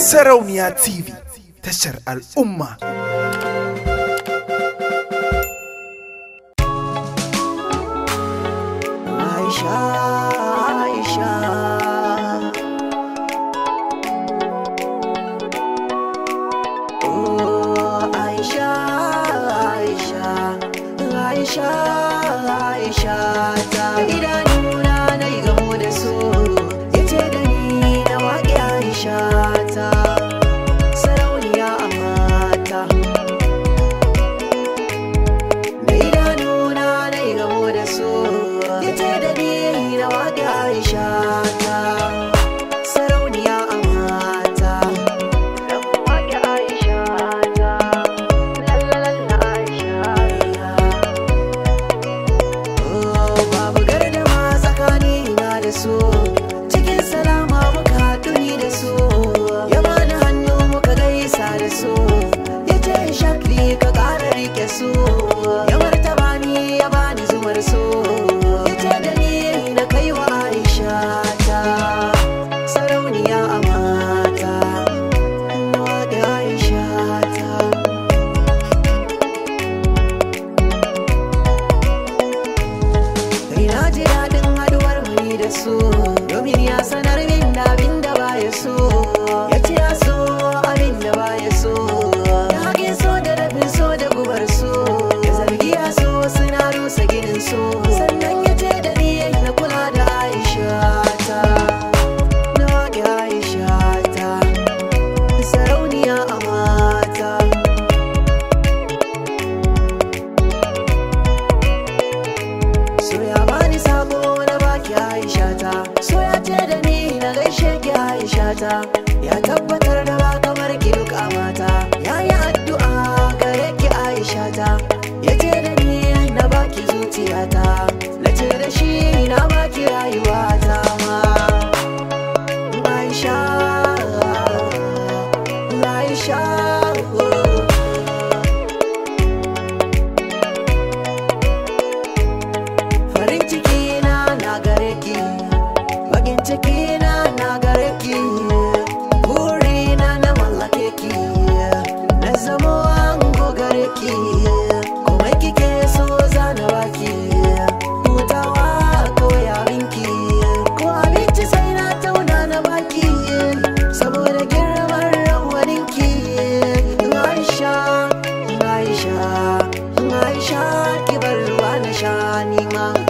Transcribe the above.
Sarauniya TV tashar al'umma. Aisha, Aisha. Oh, Aisha, Aisha. Aisha, Aisha. aisha so domin ya sanar min da abin da Yeah, yata Fatima.